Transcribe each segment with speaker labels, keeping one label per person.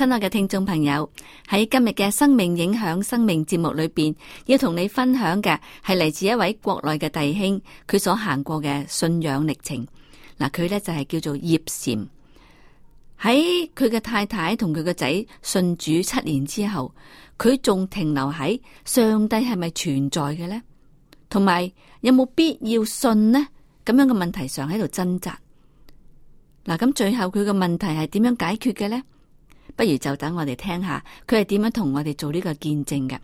Speaker 1: 親愛嘅聽眾朋友，喺今日嘅生命影響生命節目裏邊，要同你分享嘅係嚟自一位國內嘅弟兄，佢所行過嘅信仰歷程。嗱，佢咧就係叫做葉禪。喺佢嘅太太同佢個仔信主七年之後，佢仲停留喺上帝係咪存在嘅咧？同埋有冇必要信咧？咁樣嘅問題上喺度掙扎嗱。咁最後佢嘅問題係點樣解決嘅咧？不如就等我哋聽下佢係點樣同我哋做呢個見證嘅。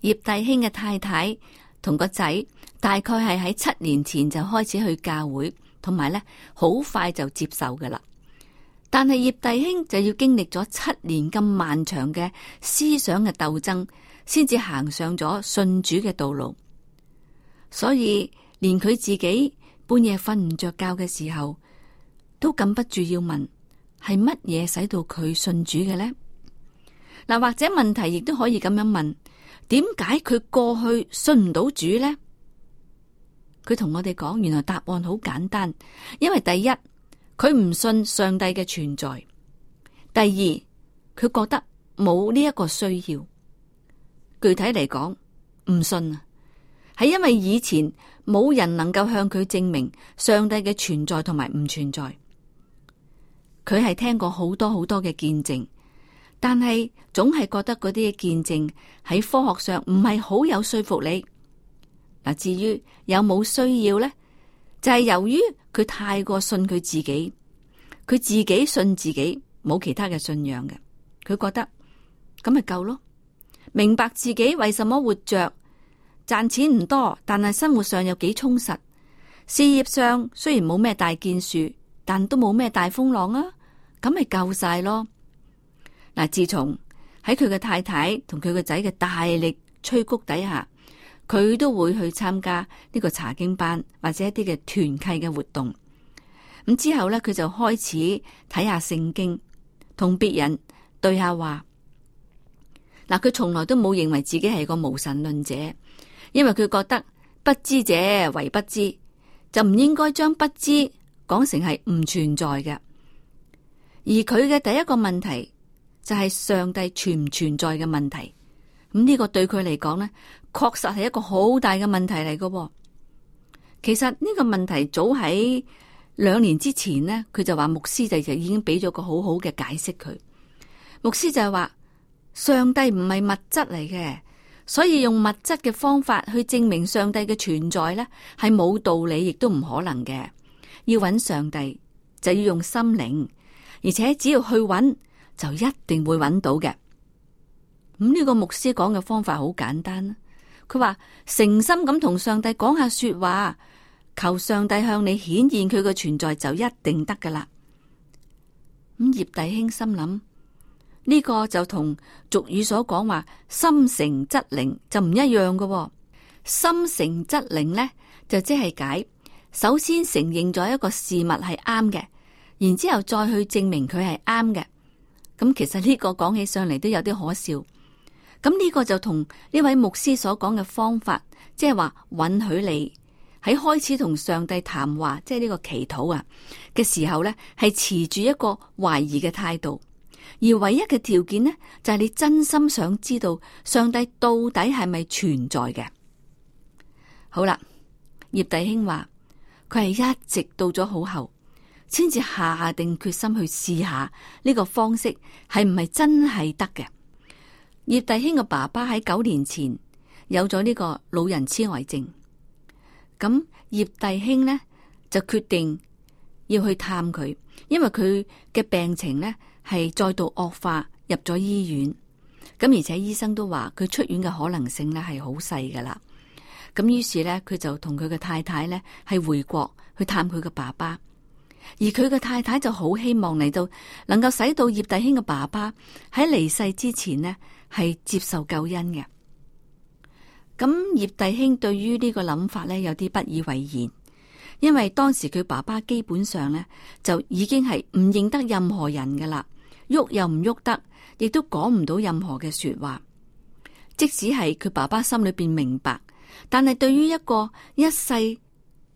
Speaker 1: 葉弟兄嘅太太同個仔大概係喺七年前就開始去教會。同埋咧，好快就接受噶啦。但係葉弟兄就要經歷咗七年咁漫長嘅思想嘅鬥爭，先至行上咗信主嘅道路。所以連佢自己半夜瞓唔着覺嘅時候，都禁不住要問：「係乜嘢使到佢信主嘅呢？」嗱，或者問題亦都可以咁樣問：「點解佢過去信唔到主呢？」佢同我哋講，原來答案好簡單，因為第一，佢唔信上帝嘅存在；第二，佢覺得冇呢一個需要。具體嚟講，唔信啊，係因為以前冇人能夠向佢證明上帝嘅存在同埋唔存在。佢係聽過好多好多嘅見證，但係總係覺得嗰啲嘅見證喺科學上唔係好有說服力。嗱，至於有冇需要咧，就係由於佢太過信佢自己，佢自己信自己，冇其他嘅信仰嘅，佢覺得咁咪夠咯。明白自己為什麼活着，賺錢唔多，但係生活上有幾充實，事業上雖然冇咩大建樹，但都冇咩大風浪啊，咁咪夠晒咯。嗱，自從喺佢嘅太太同佢個仔嘅大力催谷底下。佢都會去參加呢個查經班或者一啲嘅團契嘅活動，咁之後咧佢就開始睇下聖經，同別人對下話。嗱，佢從來都冇認為自己係個無神論者，因為佢覺得不知者為不知，就唔應該將不知講成係唔存在嘅。而佢嘅第一個問題就係上帝存唔存在嘅問題。咁呢個對佢嚟講呢，確實係一個好大嘅問題嚟㗎喎。其實呢個問題早喺兩年之前呢，佢就話牧師就就已經俾咗個好好嘅解釋佢。牧師就係話，上帝唔係物質嚟嘅，所以用物質嘅方法去證明上帝嘅存在呢，係冇道理亦都唔可能嘅。要揾上帝就要用心靈，而且只要去揾就一定會揾到嘅。咁呢個牧師講嘅方法好簡單，佢話誠心咁同上帝講下說話，求上帝向你顯現佢嘅存在就一定得噶啦。咁、嗯、葉弟兄心諗呢、呢個就同俗語所講話心誠則靈就唔一樣嘅、哦，心誠則靈呢就即係解，首先承認咗一個事物係啱嘅，然之後再去證明佢係啱嘅。咁、嗯、其實呢個講起上嚟都有啲可笑。咁呢個就同呢位牧師所講嘅方法，即係話允許你喺開始同上帝談話，即係呢個祈禱啊嘅時候呢，係持住一個懷疑嘅態度，而唯一嘅條件呢，就係、是、你真心想知道上帝到底係咪存在嘅。好啦，葉弟兄話佢係一直到咗好後，先至下定決心去試下呢個方式係唔係真係得嘅。葉弟兄嘅爸爸喺九年前有咗呢個老人痴呆症，咁葉弟兄呢就決定要去探佢，因為佢嘅病情呢係再度惡化入咗醫院，咁而且醫生都話佢出院嘅可能性呢係好細噶啦。咁於是呢，佢就同佢嘅太太呢係回國去探佢嘅爸爸，而佢嘅太太就好希望嚟到能夠使到葉弟兄嘅爸爸喺離世之前呢。係接受救恩嘅。咁葉弟兄對於呢個諗法呢，有啲不以為然，因為當時佢爸爸基本上呢，就已經係唔認得任何人噶啦，喐又唔喐得，亦都講唔到任何嘅說話。即使係佢爸爸心裏邊明白，但係對於一個一世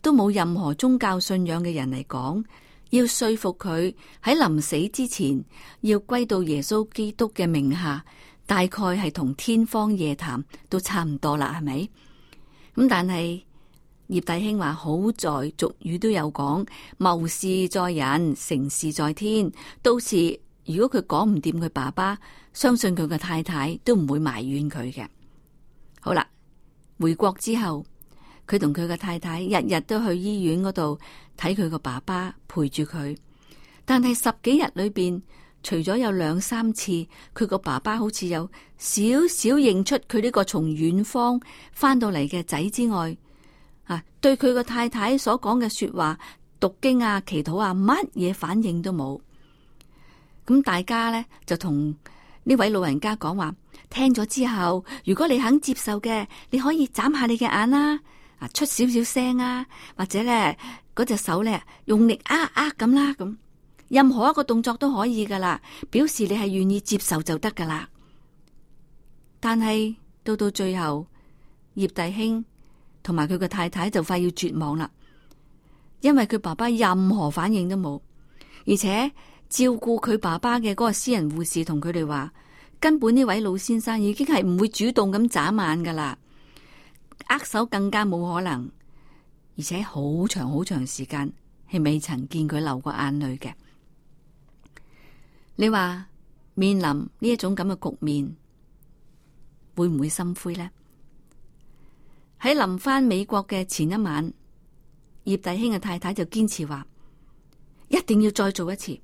Speaker 1: 都冇任何宗教信仰嘅人嚟講，要說服佢喺臨死之前要歸到耶穌基督嘅名下。大概係同天方夜譚都差唔多啦，係咪？咁但係葉大興話，好在俗語都有講，謀事在人，成事在天。到時如果佢講唔掂，佢爸爸相信佢個太太都唔會埋怨佢嘅。好啦，回國之後，佢同佢個太太日日日都去醫院嗰度睇佢個爸爸，陪住佢。但係十幾日裏邊。除咗有兩三次，佢個爸爸好似有少少認出佢呢個從遠方翻到嚟嘅仔之外，啊，對佢個太太所講嘅說話、讀經啊、祈禱啊，乜嘢反應都冇。咁、嗯、大家咧就同呢位老人家講話，聽咗之後，如果你肯接受嘅，你可以眨下你嘅眼啦，啊，出少少聲啊，或者咧嗰隻手咧用力啊啊咁啦，咁、嗯。任何一個動作都可以噶啦，表示你係願意接受就得噶啦。但係到到最後，葉弟兄同埋佢個太太就快要絕望啦，因為佢爸爸任何反應都冇，而且照顧佢爸爸嘅嗰個私人護士同佢哋話，根本呢位老先生已經係唔會主動咁眨眼噶啦，握手更加冇可能，而且好長好長時間係未曾見佢流過眼淚嘅。你話面臨呢一種咁嘅局面，會唔會心灰呢？喺臨翻美國嘅前一晚，葉弟兄嘅太太就堅持話，一定要再做一次。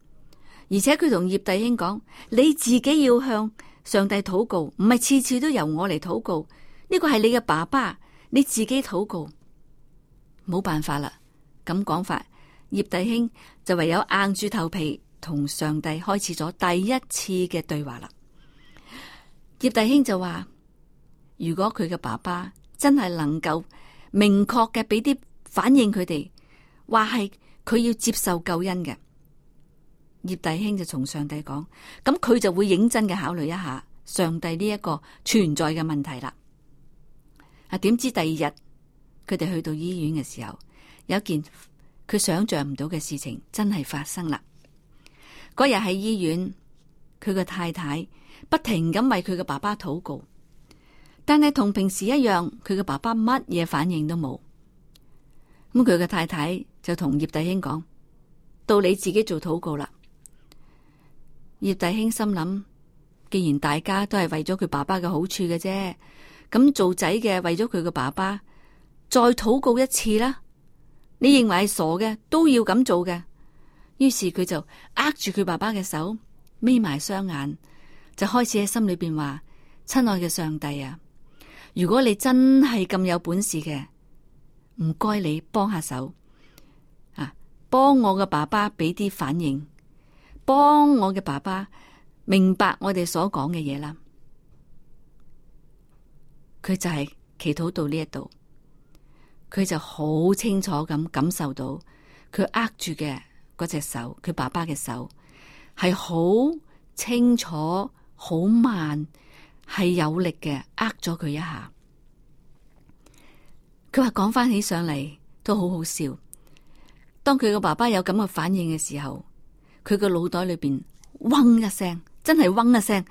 Speaker 1: 而且佢同葉弟兄講，你自己要向上帝禱告，唔係次次都由我嚟禱告。呢個係你嘅爸爸，你自己禱告。冇辦法啦，咁講法，葉弟兄就唯有硬住頭皮，同上帝開始咗第一次嘅對話啦。葉弟兄就話：如果佢嘅爸爸真係能夠明確嘅俾啲反應佢哋，話係佢要接受救恩嘅，葉弟兄就同上帝講，咁佢就會認真嘅考慮一下上帝呢一個存在嘅問題啦。啊，點知第二日佢哋去到醫院嘅時候，有一件佢想象唔到嘅事情真係發生啦。嗰日喺醫院，佢個太太不停咁為佢嘅爸爸禱告，但係同平時一樣，佢嘅爸爸乜嘢反應都冇。咁佢嘅太太就同葉弟兄講：到你自己做禱告啦。葉弟兄心諗：既然大家都係為咗佢爸爸嘅好處嘅啫，咁做仔嘅為咗佢嘅爸爸，再禱告一次啦。你認為係傻嘅，都要咁做嘅。於是佢就握住佢爸爸嘅手，眯埋雙眼，就開始喺心裏邊話：親愛嘅上帝啊，如果你真係咁有本事嘅，唔該你幫下手啊，幫我嘅爸爸俾啲反應，幫我嘅爸爸明白我哋所講嘅嘢啦。佢就係祈禱到呢一度，佢就好清楚咁感受到佢握住嘅。嗰隻手，佢爸爸嘅手，係好清楚、好慢，係有力嘅，呃咗佢一下。佢話，講翻起上嚟，都好好笑。當佢個爸爸有咁嘅反應嘅時候，佢個腦袋裏邊嗡一聲，真係嗡一聲，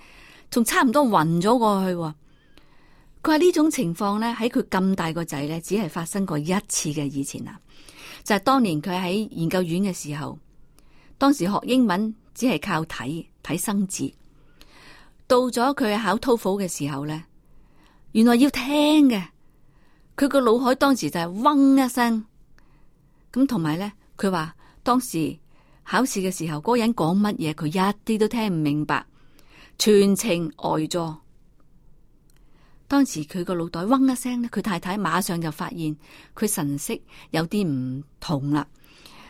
Speaker 1: 仲差唔多暈咗過去。佢話呢種情況咧，喺佢咁大個仔咧，只係發生過一次嘅，以前啊。就係當年佢喺研究院嘅時候，當時學英文只係靠睇睇生字，到咗佢考 TOEFL 嘅時候咧，原來要聽嘅，佢個腦海當時就係嗡一聲，咁同埋咧，佢話當時考試嘅時候嗰個人講乜嘢，佢一啲都聽唔明白，全程呆咗。當時佢個腦袋嗡一聲咧，佢太太馬上就發現佢神色有啲唔同啦。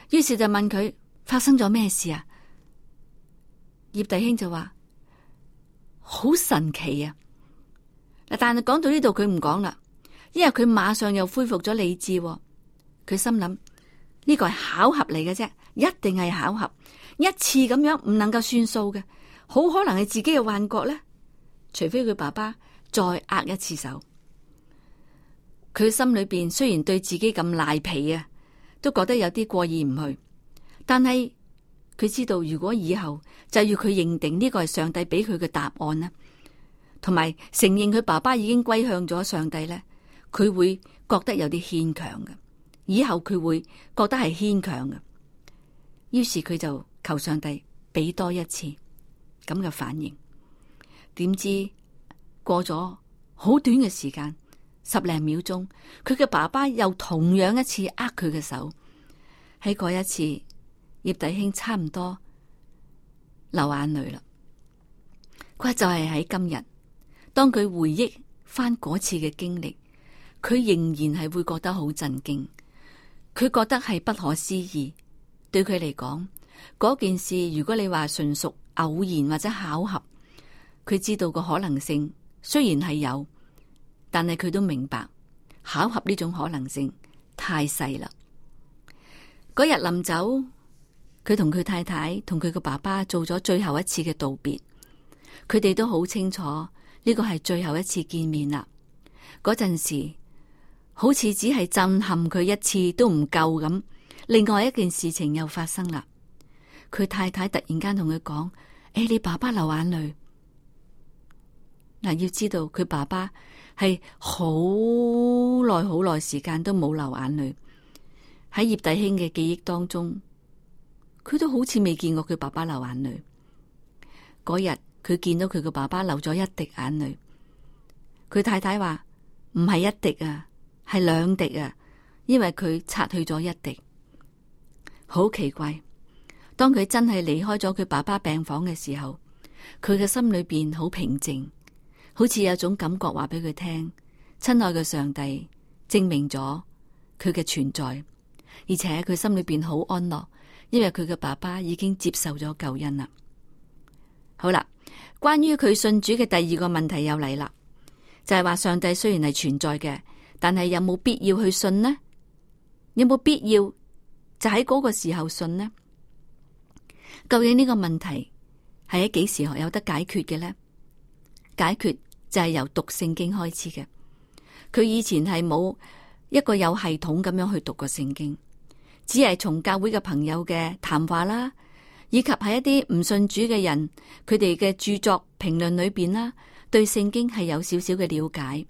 Speaker 1: 於是就問佢發生咗咩事啊？葉弟兄就話好神奇啊嗱，但係講到呢度佢唔講啦，因為佢馬上又恢復咗理智喎。佢心諗呢個係巧合嚟嘅啫，一定係巧合，一次咁樣唔能夠算數嘅，好可能係自己嘅幻覺咧。除非佢爸爸。再握一次手，佢心裏邊雖然對自己咁賴皮啊，都覺得有啲過意唔去。但係佢知道，如果以後就要佢認定呢個係上帝俾佢嘅答案啦，同埋承認佢爸爸已經歸向咗上帝呢，佢會覺得有啲牽強嘅。以後佢會覺得係牽強嘅，於是佢就求上帝俾多一次咁嘅反應。點知？過咗好短嘅時間，十零秒鐘，佢嘅爸爸又同樣一次握佢嘅手。喺嗰一次，葉弟兄差唔多流眼淚啦。佢就係喺今日，當佢回憶翻嗰次嘅經歷，佢仍然係會覺得好震驚。佢覺得係不可思議。對佢嚟講，嗰件事如果你話純屬偶然或者巧合，佢知道個可能性。雖然係有，但係佢都明白巧合呢種可能性太細啦。嗰日臨走，佢同佢太太同佢個爸爸做咗最後一次嘅道別，佢哋都好清楚呢個係最後一次見面啦。嗰陣時，好似只係震撼佢一次都唔夠咁，另外一件事情又發生啦。佢太太突然間同佢講：誒，你爸爸流眼淚。嗱，要知道佢爸爸係好耐好耐時間都冇流眼淚，喺葉弟兄嘅記憶當中，佢都好似未見過佢爸爸流眼淚。嗰日佢見到佢個爸爸流咗一滴眼淚，佢太太話唔係一滴啊，係兩滴啊，因為佢擦去咗一滴。好奇怪，當佢真係離開咗佢爸爸病房嘅時候，佢嘅心裏邊好平靜。好似有種感覺，話俾佢聽，親愛嘅上帝證明咗佢嘅存在，而且佢心裏邊好安樂，因為佢嘅爸爸已經接受咗救恩啦。好啦，關於佢信主嘅第二個問題又嚟啦，就係話上帝雖然係存在嘅，但係有冇必要去信呢？有冇必要就喺嗰個時候信呢？究竟呢個問題係喺幾時候有得解決嘅呢？解決就係由讀聖經開始嘅，佢以前係冇一個有系統咁樣去讀過聖經，只係從教會嘅朋友嘅談話啦，以及係一啲唔信主嘅人佢哋嘅著作評論裏邊啦，對聖經係有少少嘅了解，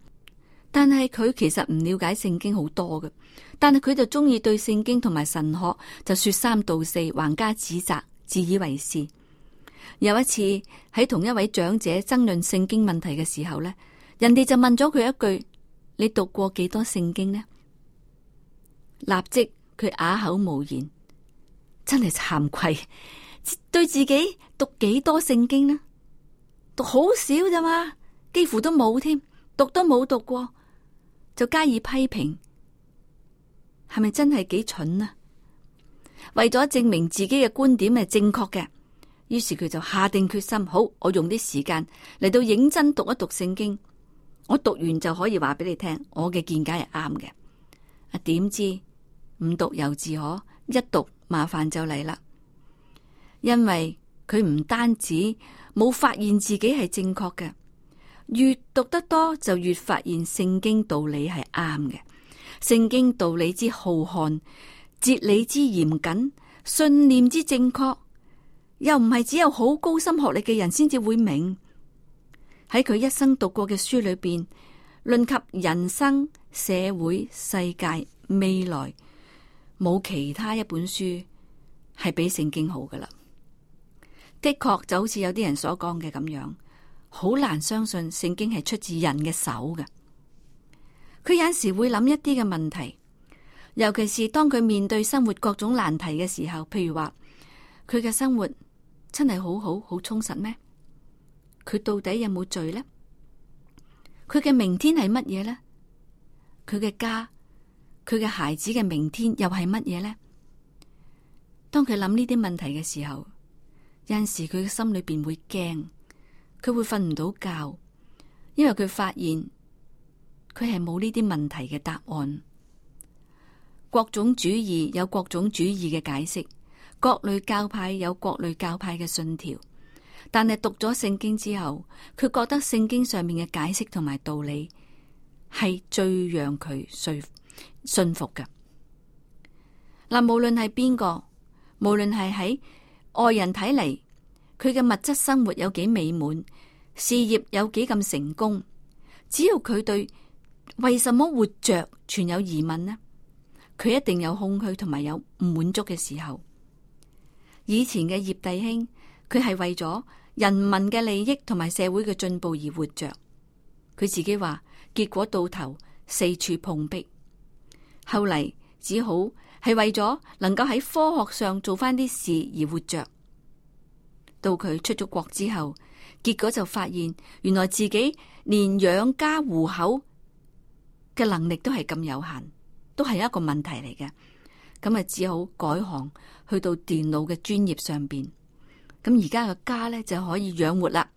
Speaker 1: 但係佢其實唔了解聖經好多嘅，但係佢就中意對聖經同埋神學就說三道四，橫加指責，自以為是。有一次喺同一位長者爭論聖經問題嘅時候呢，人哋就問咗佢一句：你讀過幾多聖經呢？立即佢啞口無言，真係慚愧，對自己讀幾多聖經呢？讀好少咋嘛？幾乎都冇添，讀都冇讀過，就加以批評，係咪真係幾蠢呀？為咗證明自己嘅觀點係正確嘅。於是佢就下定決心，好，我用啲時間嚟到認真讀一讀聖經，我讀完就可以話俾你聽，我嘅見解係啱嘅。啊，點知唔讀猶自可，一讀麻煩就嚟啦，因為佢唔單止冇發現自己係正確嘅，越讀得多就越發現聖經道理係啱嘅，聖經道理之浩瀚，哲理之嚴謹，信念之正確。又唔係只有好高深學歷嘅人先至會明。喺佢一生讀過嘅書裏邊，論及人生、社會、世界、未來，冇其他一本書係比聖經好噶啦。的確就好似有啲人所講嘅咁樣，好難相信聖經係出自人嘅手嘅。佢有時會諗一啲嘅問題，尤其是當佢面對生活各種難題嘅時候，譬如話佢嘅生活。真係好好好充實咩？佢到底有冇罪呢？佢嘅明天係乜嘢呢？佢嘅家，佢嘅孩子嘅明天又係乜嘢呢？當佢諗呢啲問題嘅時候，有時佢嘅心裏邊會驚，佢會瞓唔到覺，因為佢發現佢係冇呢啲問題嘅答案，各種主義有各種主義嘅解釋。各類教派有各類教派嘅信條，但係讀咗聖經之後，佢覺得聖經上面嘅解釋同埋道理係最讓佢說服嘅。嗱，無論係邊個，無論係喺外人睇嚟，佢嘅物質生活有幾美滿，事業有幾咁成功，只要佢對為什麼活着存有疑問咧，佢一定有空虛同埋有唔滿足嘅時候。以前嘅葉弟兄，佢係為咗人民嘅利益同埋社會嘅進步而活着。佢自己話，結果到頭四處碰壁，後嚟只好係為咗能夠喺科學上做翻啲事而活着。到佢出咗國之後，結果就發現，原來自己連養家糊口嘅能力都係咁有限，都係一個問題嚟嘅。咁啊，只好改行去到電腦嘅專業上面。咁而家個家咧，就可以養活啦。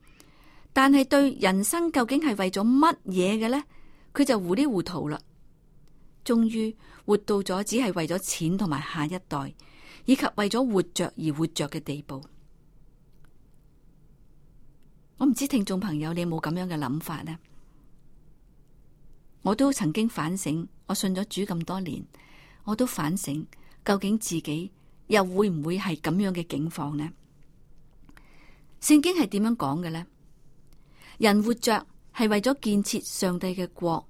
Speaker 1: 但係對人生究竟係為咗乜嘢嘅咧？佢就糊裡糊塗啦。終於活到咗，只係為咗錢同埋下一代，以及為咗活着而活着嘅地步。我唔知聽眾朋友你有冇咁樣嘅諗法呢？我都曾經反省，我信咗主咁多年。我都反省，究竟自己又會唔會係咁樣嘅境況呢？聖經係點樣講嘅呢？「人活着係為咗建設上帝嘅國，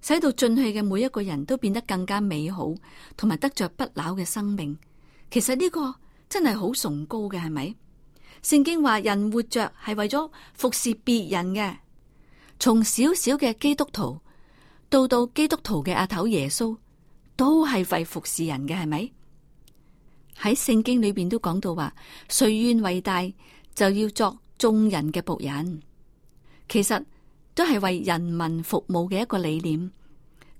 Speaker 1: 使到進去嘅每一個人都變得更加美好，同埋得着不朽嘅生命。」其實呢個真係好崇高嘅，係咪？聖經話人活着係為咗服侍別人嘅，從小小嘅基督徒到到基督徒嘅阿頭耶穌。都係為服侍人嘅，係咪？喺聖經裏邊都講到話，誰願為大就要作眾人嘅僕人。其實都係為人民服務嘅一個理念。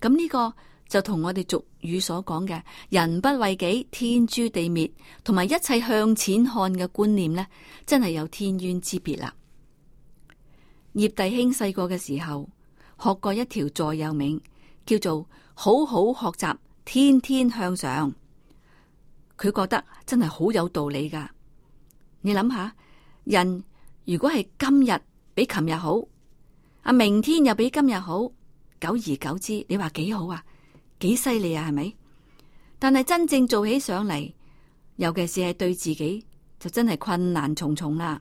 Speaker 1: 咁、這、呢個就同我哋俗語所講嘅“人不為己，天誅地滅”同埋一切向錢看嘅觀念呢，真係有天淵之別啦。葉弟兄細個嘅時候學過一條座右銘，叫做“好好學習”。天天向上，佢覺得真係好有道理噶。你諗下，人如果係今日比琴日好，啊，明天又比今日好，久而久之，你話幾好啊？幾犀利啊？係咪？但係真正做起上嚟，尤其是係對自己，就真係困難重重啦。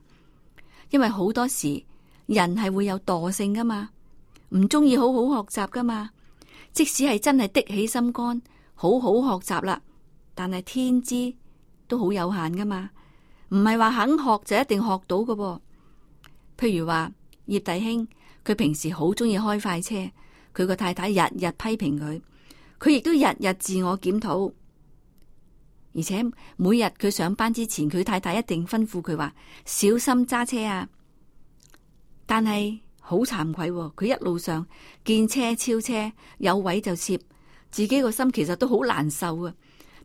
Speaker 1: 因為好多時，人係會有惰性噶嘛，唔中意好好學習噶嘛。即使係真係的起心肝，好好學習啦，但係天資都好有限噶嘛，唔係話肯學就一定學到噶喎。譬如話葉弟兄，佢平時好中意開快車，佢個太太日日批評佢，佢亦都日日自我檢討，而且每日佢上班之前，佢太太一定吩咐佢話小心揸車啊，但係。好慚愧、哦，佢一路上見車超車，有位就攝，自己個心其實都好難受啊！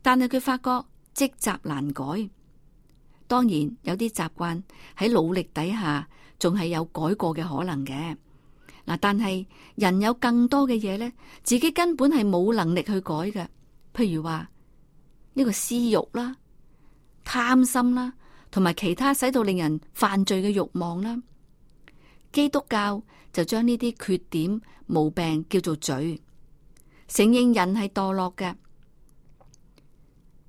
Speaker 1: 但係佢發覺積習難改，當然有啲習慣喺努力底下仲係有改過嘅可能嘅。嗱，但係人有更多嘅嘢呢，自己根本係冇能力去改嘅。譬如話呢、這個私欲啦、貪心啦，同埋其他使到令人犯罪嘅欲望啦。基督教就將呢啲缺點毛病叫做罪，承認人係墮落嘅。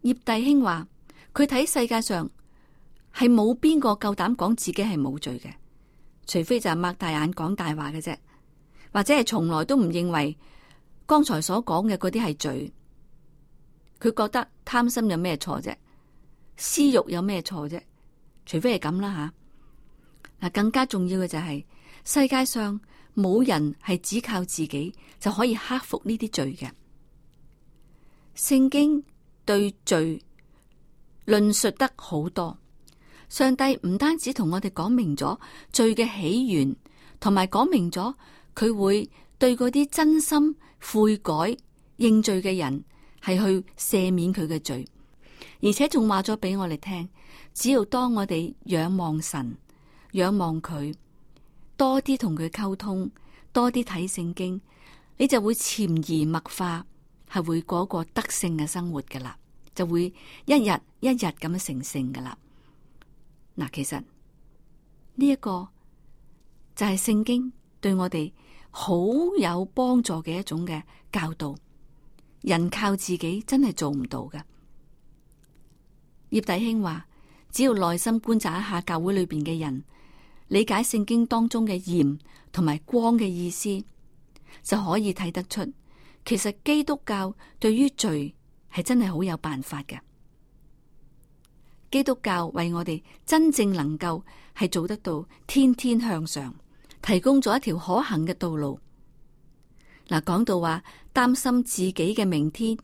Speaker 1: 葉弟兄話佢睇世界上係冇邊個夠膽講自己係冇罪嘅，除非就係擘大眼講大話嘅啫，或者係從來都唔認為剛才所講嘅嗰啲係罪。佢覺得貪心有咩錯啫，私欲有咩錯啫？除非係咁啦吓。嗱、啊，更加重要嘅就係、是。世界上冇人係只靠自己就可以克服呢啲罪嘅。聖經對罪論述得好多，上帝唔單止同我哋講明咗罪嘅起源，同埋講明咗佢會對嗰啲真心悔改認罪嘅人係去赦免佢嘅罪，而且仲話咗俾我哋聽，只要當我哋仰望神，仰望佢。多啲同佢溝通，多啲睇聖經，你就會潛移默化係會過個得勝嘅生活噶啦，就會一日一日咁樣成聖噶啦。嗱，其實呢一個就係聖經對我哋好有幫助嘅一種嘅教導。人靠自己真係做唔到嘅。葉弟兄話：只要耐心觀察一下教會裏邊嘅人。理解聖經當中嘅鹽同埋光嘅意思，就可以睇得出，其實基督教對於罪係真係好有辦法嘅。基督教為我哋真正能夠係做得到天天向上，提供咗一條可行嘅道路。嗱，講到話擔心自己嘅明天。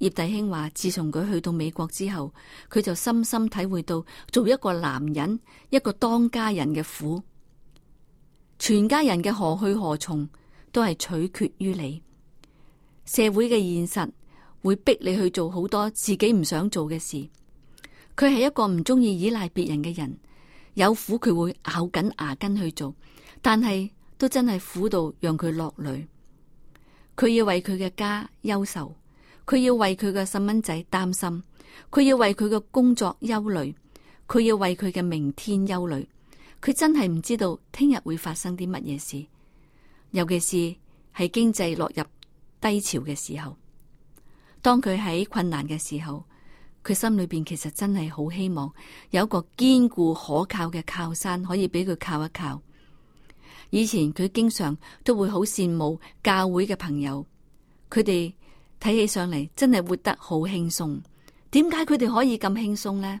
Speaker 1: 葉弟兄話，自從佢去到美國之後，佢就深深體會到做一個男人、一個當家人嘅苦，全家人嘅何去何從都係取決於你。社會嘅現實會逼你去做好多自己唔想做嘅事。佢係一個唔中意依賴別人嘅人，有苦佢會咬緊牙根去做，但係都真係苦到讓佢落淚。佢要為佢嘅家憂愁。佢要為佢嘅細蚊仔擔心，佢要為佢嘅工作憂慮，佢要為佢嘅明天憂慮。佢真係唔知道聽日會發生啲乜嘢事，尤其是係經濟落入低潮嘅時候。當佢喺困難嘅時候，佢心裏邊其實真係好希望有一個堅固可靠嘅靠山，可以俾佢靠一靠。以前佢經常都會好羨慕教會嘅朋友，佢哋睇起上嚟真係活得好輕鬆，點解佢哋可以咁輕鬆呢？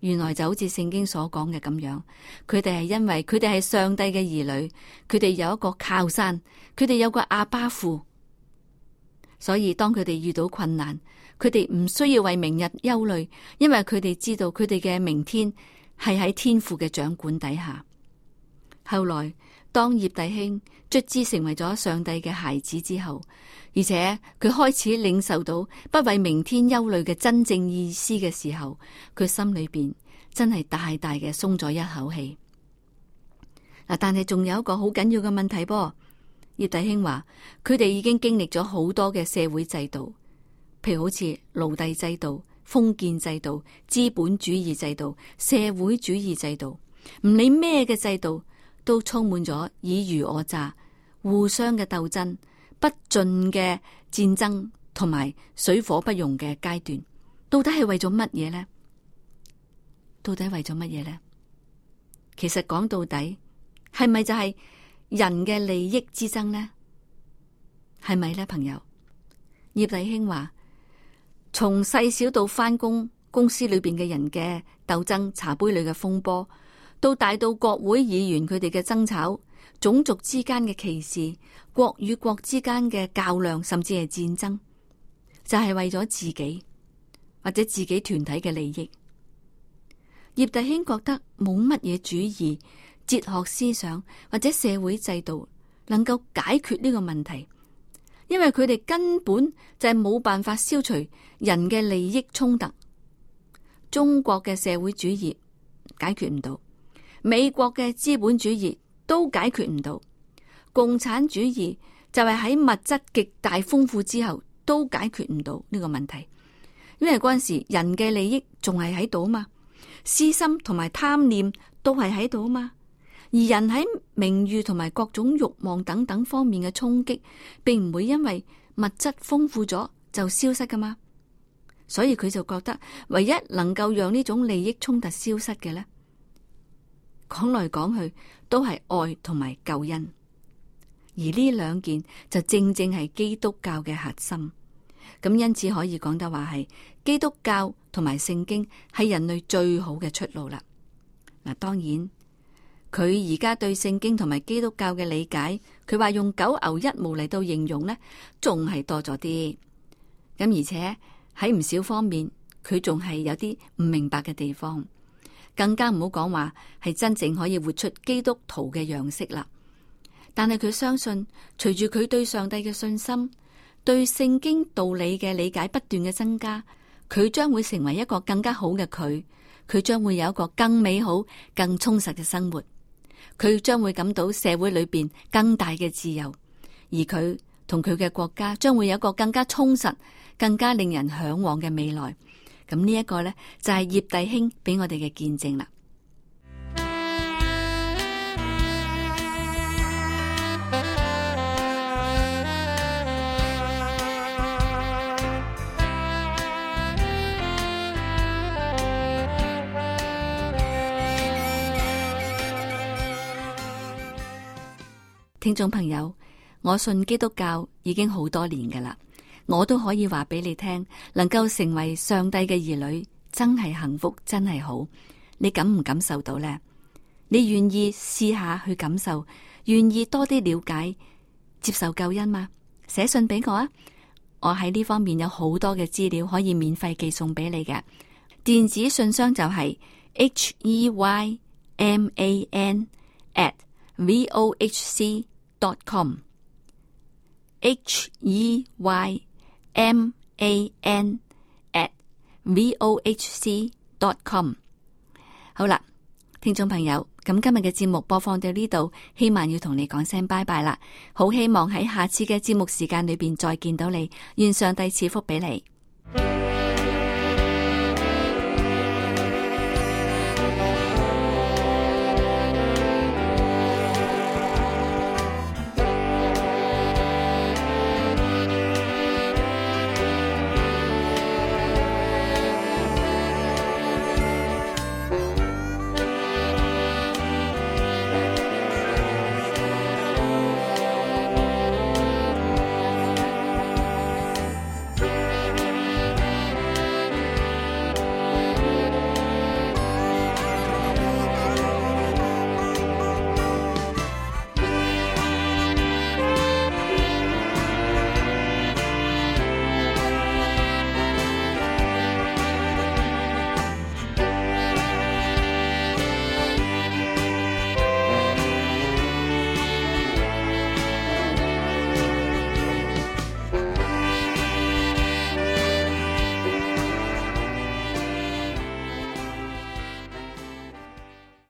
Speaker 1: 原來就好似聖經所講嘅咁樣，佢哋係因為佢哋係上帝嘅兒女，佢哋有一個靠山，佢哋有個阿爸父，所以當佢哋遇到困難，佢哋唔需要為明日憂慮，因為佢哋知道佢哋嘅明天係喺天父嘅掌管底下。後來。當葉弟兄卒之成為咗上帝嘅孩子之後，而且佢開始領受到不為明天憂慮嘅真正意思嘅時候，佢心裏邊真係大大嘅鬆咗一口氣。嗱，但係仲有一個好緊要嘅問題噃：葉弟兄話佢哋已經經歷咗好多嘅社會制度，譬如好似奴隸制度、封建制度、資本主義制度、社會主義制度，唔理咩嘅制度。都充滿咗以虞我詐、互相嘅鬥爭、不盡嘅戰爭同埋水火不容嘅階段，到底係為咗乜嘢呢？到底為咗乜嘢呢？其實講到底，係咪就係人嘅利益之爭呢？係咪咧，朋友？葉麗卿話：從細小到翻工，公司裏邊嘅人嘅鬥爭、茶杯裏嘅風波。到大到國會議員佢哋嘅爭吵、種族之間嘅歧視、國與國之間嘅較量，甚至係戰爭，就係、是、為咗自己或者自己團體嘅利益。葉弟兄覺得冇乜嘢主義、哲學思想或者社會制度能夠解決呢個問題，因為佢哋根本就係冇辦法消除人嘅利益衝突。中國嘅社會主義解決唔到。美國嘅資本主義都解決唔到，共產主義就係喺物質極大豐富之後都解決唔到呢個問題，因為嗰陣時人嘅利益仲係喺度嘛，私心同埋貪念都係喺度嘛，而人喺名譽同埋各種慾望等等方面嘅衝擊，並唔會因為物質豐富咗就消失噶嘛，所以佢就覺得唯一能夠讓呢種利益衝突消失嘅呢。講來講去都係愛同埋救恩，而呢兩件就正正係基督教嘅核心。咁因此可以講得話係基督教同埋聖經係人類最好嘅出路啦。嗱，當然佢而家對聖經同埋基督教嘅理解，佢話用九牛一毛嚟到形容呢，仲係多咗啲。咁而且喺唔少方面，佢仲係有啲唔明白嘅地方。更加唔好講話係真正可以活出基督徒嘅樣式啦。但係佢相信，隨住佢對上帝嘅信心、對聖經道理嘅理解不斷嘅增加，佢將會成為一個更加好嘅佢。佢將會有一個更美好、更充實嘅生活。佢將會感到社會裏邊更大嘅自由，而佢同佢嘅國家將會有一個更加充實、更加令人向往嘅未來。咁呢一個呢，就係葉弟兄俾我哋嘅見證啦。聽眾朋友，我信基督教已經好多年噶啦。我都可以話俾你聽，能夠成為上帝嘅兒女，真係幸福，真係好。你感唔感受到呢？你願意試下去感受，願意多啲了解、接受救恩嗎？寫信俾我啊！我喺呢方面有好多嘅資料可以免費寄送俾你嘅。電子信箱就係 h e y m a n at v o h c dot com h e y m a n at v o h c dot com。好啦，聽眾朋友，咁今日嘅節目播放到呢度，希望要同你講聲拜拜啦，好希望喺下次嘅節目時間裏邊再見到你，願上帝賜福俾你。